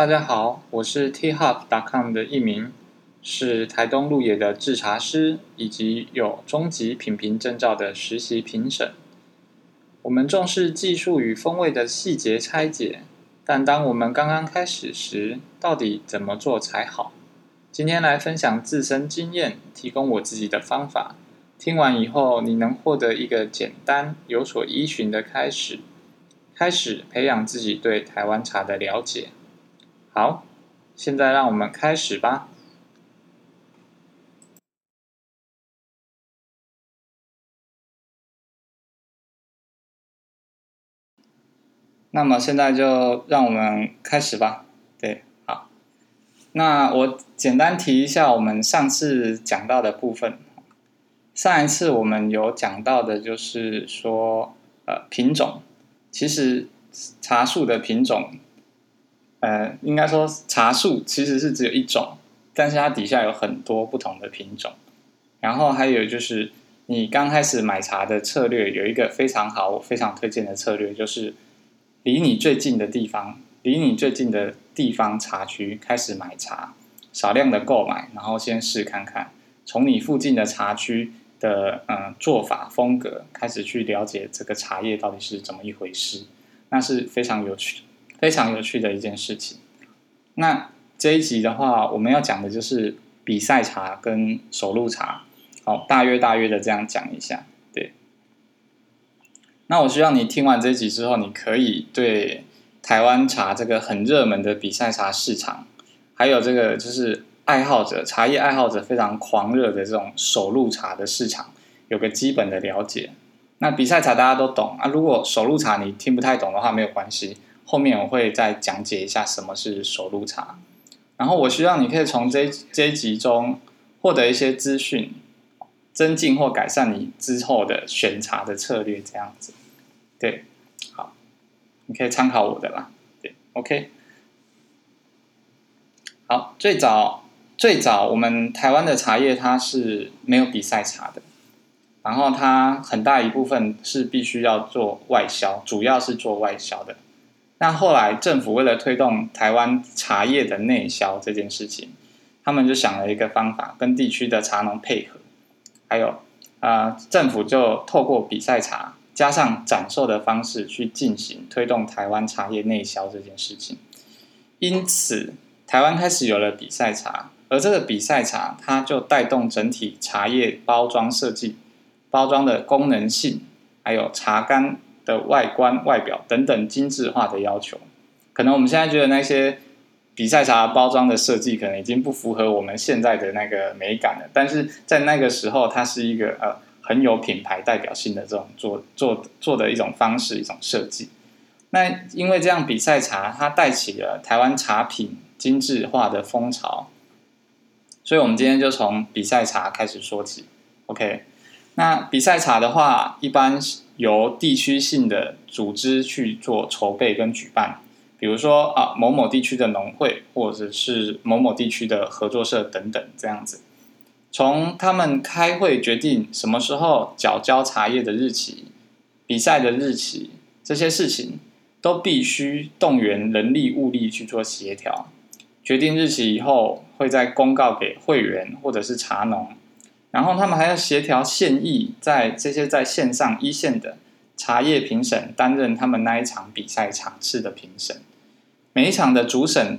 大家好，我是 teahub dot com 的一名，是台東鹿野的製茶師，以及有中級品評證照的實習評審。我們重視技術與風味的細節拆解，但當我們剛剛開始時，到底怎麼做才好？今天來分享自身經驗，提供我自己的方法。聽完以後，你能獲得一個簡單、有所依循的開始，開始培養自己對台灣茶的了解。好，現在讓我們開始吧。那麼現在就讓我們開始吧。對，好。那我簡單提一下我們上次講到的部分。上一次我們有講到的就是說，呃，品種，其實茶樹的品種。呃，應該說茶樹其實是只有一種，但是它底下有很多不同的品種。然後還有就是，你剛開始買茶的策略有一個非常好，我非常推薦的策略，就是離你最近的地方，離你最近的地方茶區開始買茶，少量的購買，然後先試看看。從你附近的茶區的嗯、呃、做法風格開始去了解這個茶葉到底是怎麼一回事，那是非常有趣的。非常有趣的一件事情。那這一集的話，我們要講的就是比賽茶跟手路茶。好，大約大約的這樣講一下。對。那我希望你聽完這一集之後，你可以對台灣茶這個很熱門的比賽茶市場，還有這個就是愛好者、茶葉愛好者非常狂熱的這種手路茶的市場，有個基本的了解。那比賽茶大家都懂啊，如果手路茶你聽不太懂的話，沒有關係。後面我會再講解一下什麼是手路茶，然後我希望你可以從這這一集中獲得一些資訊，增進或改善你之後的選茶的策略，這樣子，對，好，你可以參考我的啦，對，OK，好，最早最早我們台灣的茶葉它是沒有比賽茶的，然後它很大一部分是必須要做外銷，主要是做外銷的。那後來，政府為了推動台灣茶葉的內銷這件事情，他們就想了一個方法，跟地區的茶農配合，還有啊、呃，政府就透過比賽茶加上展售的方式去進行推動台灣茶葉內銷這件事情。因此，台灣開始有了比賽茶，而這個比賽茶，它就帶動整體茶葉包裝設計、包裝的功能性，還有茶乾的外觀、外表等等精緻化的要求。可能我們現在覺得那些比賽茶包裝的設計，可能已經不符合我們現在的那個美感了。但是在那個時候，它是一個呃很有品牌代表性的這種做做做的一種方式、一種設計。那因為這樣比賽茶，它帶起了台灣茶品精緻化的風潮，所以我們今天就從比賽茶開始說起。OK。那比賽茶的話，一般由地區性的組織去做籌備跟舉辦，比如說啊某某地區的農會，或者是某某地區的合作社等等這樣子。從他們開會決定什麼時候繳交茶葉的日期、比賽的日期這些事情，都必須動員人力物力去做協調。決定日期以後，會再公告給會員或者是茶農。然後他們還要協調現役在這些在線上一線的茶葉評審擔任他們那一場比賽場次的評審，每一場的主審，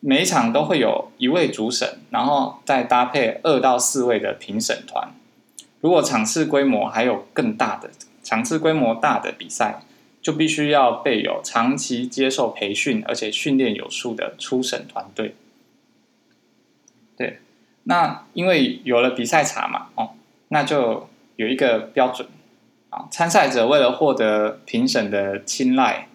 每一場都會有一位主審，然後再搭配二到四位的評審團。如果場次規模還有更大的場次規模大的比賽，就必須要備有長期接受培訓而且訓練有素的初審團隊。對。那因為有了比賽茶嘛，哦，那就有一個標準啊。參賽者為了獲得評審的青睞，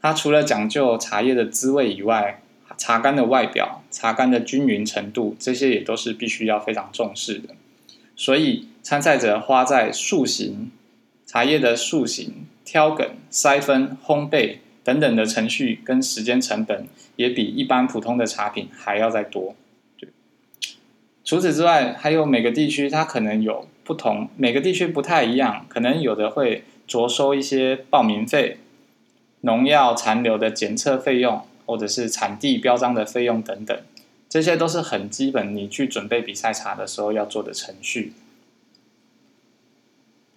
他除了講究茶葉的滋味以外，茶乾的外表、茶乾的均勻程度，這些也都是必須要非常重視的。所以，參賽者花在塑形、茶葉的塑形、挑梗、篩分、烘焙等等的程序跟時間成本，也比一般普通的茶品還要再多。除此之外，還有每個地區它可能有不同，每個地區不太一樣，可能有的會着收一些報名費、農藥殘留的檢測費用，或者是產地標章的費用等等，這些都是很基本，你去準備比賽茶的時候要做的程序。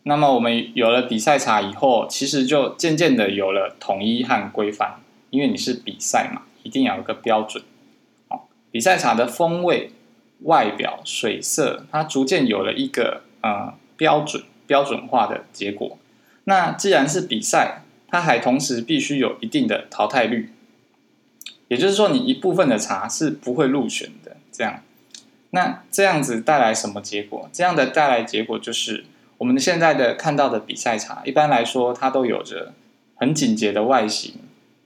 那麼我們有了比賽茶以後，其實就漸漸的有了統一和規範，因為你是比賽嘛，一定要有個標準。好、哦，比賽茶的風味、外表水色，它逐漸有了一個呃標準標準化的結果。那既然是比賽，它還同時必須有一定的淘汰率，也就是說，你一部分的茶是不會入選的。這樣，那這樣子帶來什麼結果？這樣的帶來結果就是，我們現在的看到的比賽茶，一般來說它都有着很簡潔的外形，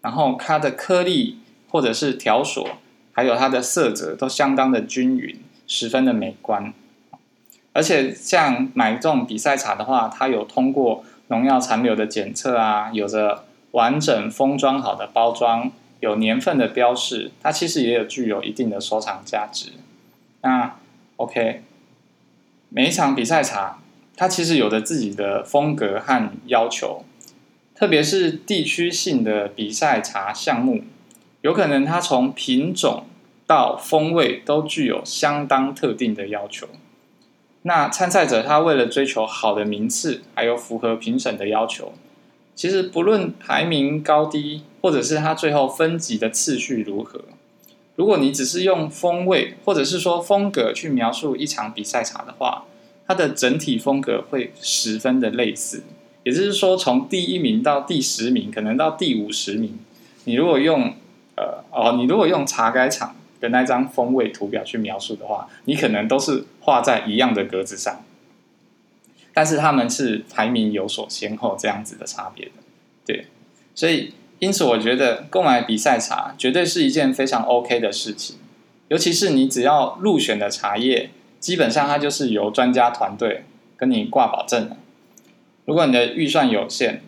然後它的顆粒或者是條索，還有它的色澤都相當的均勻。十分的美觀，而且像買這種比賽茶的話，它有通過農藥殘留的檢測啊，有着完整封裝好的包裝，有年份的標示，它其實也有具有一定的收藏價值。那 OK，每一場比賽茶，它其實有着自己的風格和要求，特別是地區性的比賽茶項目，有可能它從品種。到風味都具有相當特定的要求。那參賽者他為了追求好的名次，還有符合評審的要求，其實不論排名高低，或者是他最後分級的次序如何，如果你只是用風味或者是說風格去描述一場比賽茶的話，它的整體風格會十分的類似。也就是說，從第一名到第十名，可能到第五十名，你如果用呃哦，你如果用茶改場。的那張風味圖表去描述的話，你可能都是畫在一樣的格子上，但是他們是排名有所先後這樣子的差別的，對，所以因此我覺得購買比賽茶絕對是一件非常 OK 的事情，尤其是你只要入選的茶葉，基本上它就是由專家團隊跟你掛保證的，如果你的預算有限。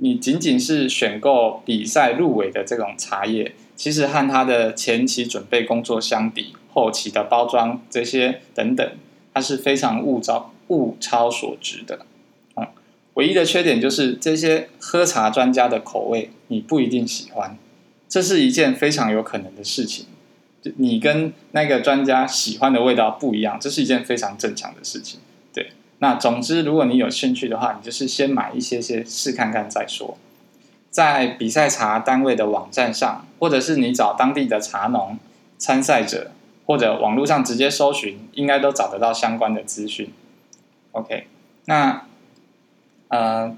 你僅僅是選購比賽入圍的這種茶葉，其實和它的前期準備工作相比，後期的包裝這些等等，它是非常物超物超所值的。嗯，唯一的缺點就是這些喝茶專家的口味你不一定喜歡，這是一件非常有可能的事情。就你跟那個專家喜歡的味道不一樣，這是一件非常正常的事情。對。那總之，如果你有興趣的話，你就是先買一些些試看看再說。在比賽茶單位的網站上，或者是你找當地的茶農參賽者，或者網絡上直接搜尋，應該都找得到相關的資訊。OK，那呃，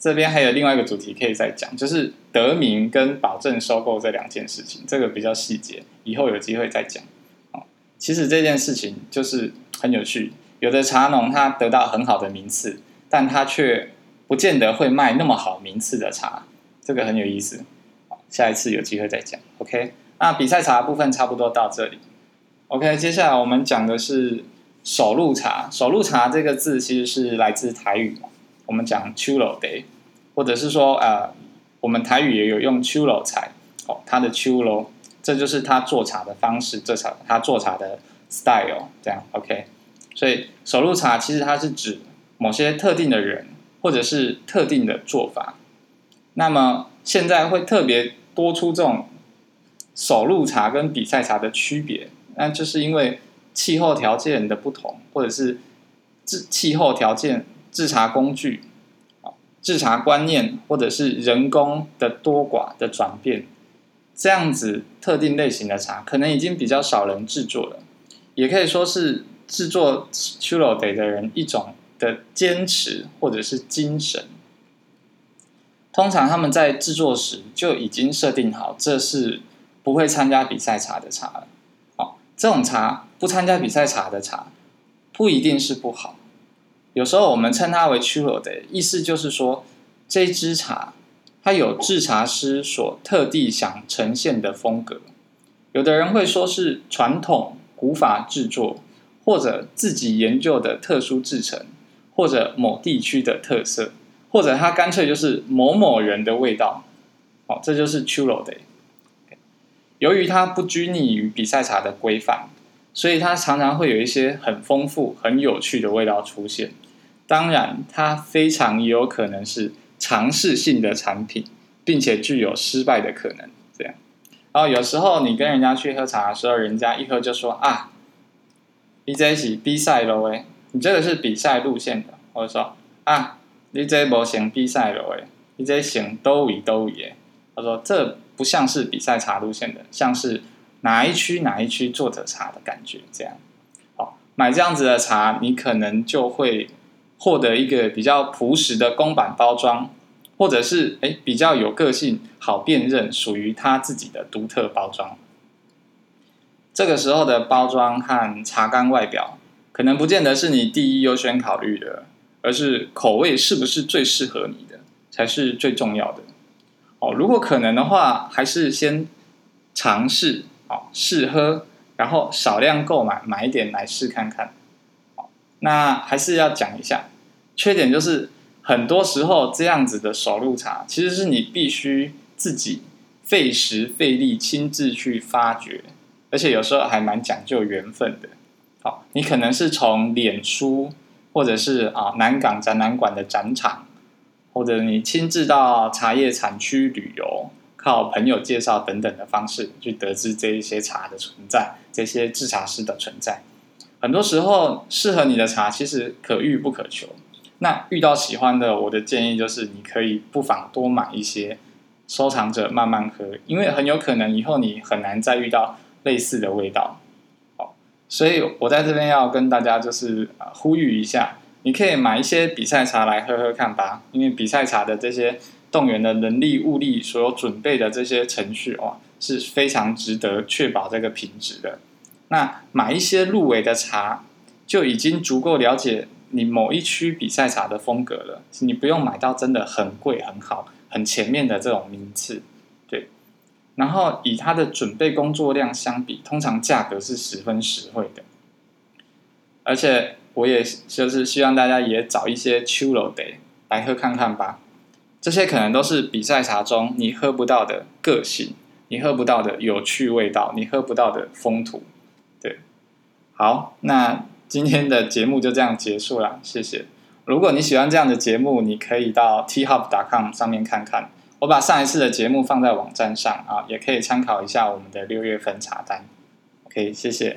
這邊還有另外一個主題可以再講，就是得名跟保證收購這兩件事情，這個比較細節，以後有機會再講。哦，其實這件事情就是很有趣。有的茶農他得到很好的名次，但他卻不見得會賣那麼好名次的茶，這個很有意思。下一次有機會再講。OK，那比賽茶的部分差不多到這裡。OK，接下來我們講的是手路茶。手路茶這個字其實是來自台語嘛？我們講 chulo day，或者是說呃，我們台語也有用 chulo 菜哦，他的 chulo，這就是他做茶的方式，做茶，他做茶的 style 這樣。OK。所以手路茶其實它是指某些特定的人或者是特定的做法。那麼現在會特別多出這種手路茶跟比賽茶的區別，那就是因為氣候條件的不同，或者是製氣候條件、製茶工具、製茶觀念，或者是人工的多寡的轉變，這樣子特定類型的茶可能已經比較少人製作了，也可以說是。製作手路茶的人一種的堅持或者是精神，通常他們在製作時就已經設定好，這是不會參加比賽茶的茶了。哦，這種茶不參加比賽茶的茶不一定是不好，有時候我們稱它為手路茶，意思就是說這支茶它有製茶師所特地想呈現的風格。有的人會說是傳統古法製作。或者自己研究的特殊製程，或者某地區的特色，或者它乾脆就是某某人的味道，好，哦，這就是手路茶。由於它不拘泥於比賽茶的規範，所以它常常會有一些很豐富、很有趣的味道出現。當然，它非常有可能是嘗試性的產品，並且具有失敗的可能。這樣，然後有時候你跟人家去喝茶的時候，人家一喝就說啊。EJ 是比賽路誒，你這個是比賽路線的，或者說啊，EJ 模型比賽路誒，EJ 型都以都以，他說這不像是比賽茶路線的，像是哪一區哪一區做的茶的感覺這樣。好，買這樣子的茶，你可能就會獲得一個比較樸實的公版包裝，或者是誒、欸、比較有個性、好辨認、屬於他自己的獨特包裝。這個時候的包裝和茶乾外表，可能不見得是你第一優先考慮的，而是口味是不是最適合你的才是最重要的。哦，如果可能的話，還是先嘗試哦試喝，然後少量購買，買一點來試看看。哦，那還是要講一下缺點，就是很多時候這樣子的手路茶，其實是你必須自己費時費力親自去發掘。而且有時候還蠻講究緣分的。好，你可能是從臉書，或者是啊南港展覽館的展場，或者你親自到茶葉產區旅遊，靠朋友介紹等等的方式，去得知這一些茶的存在，這些製茶師的存在。很多時候適合你的茶其實可遇不可求。那遇到喜歡的，我的建議就是你可以不妨多買一些，收藏着慢慢喝，因為很有可能以後你很難再遇到。類似的味道，哦，所以我在這邊要跟大家就是啊呼籲一下，你可以買一些比賽茶來喝喝看吧，因為比賽茶的這些動員的人力、物力、所有準備的這些程序哦，是非常值得確保這個品質的。那買一些入圍的茶，就已經足夠了解你某一區比賽茶的風格了，所以你不用買到真的很貴、很好、很前面的這種名次。然後以它的準備工作量相比，通常價格是十分實惠的。而且我也就是希望大家也找一些手路的來喝看看吧。這些可能都是比賽茶中你喝不到的個性，你喝不到的有趣味道，你喝不到的風土。對，好，那今天的節目就這樣結束啦，謝謝。如果你喜歡這樣的節目，你可以到 TeaHop.com 上面看看。我把上一次的節目放在網站上啊，也可以參考一下我們的六月份茶單。OK，謝謝。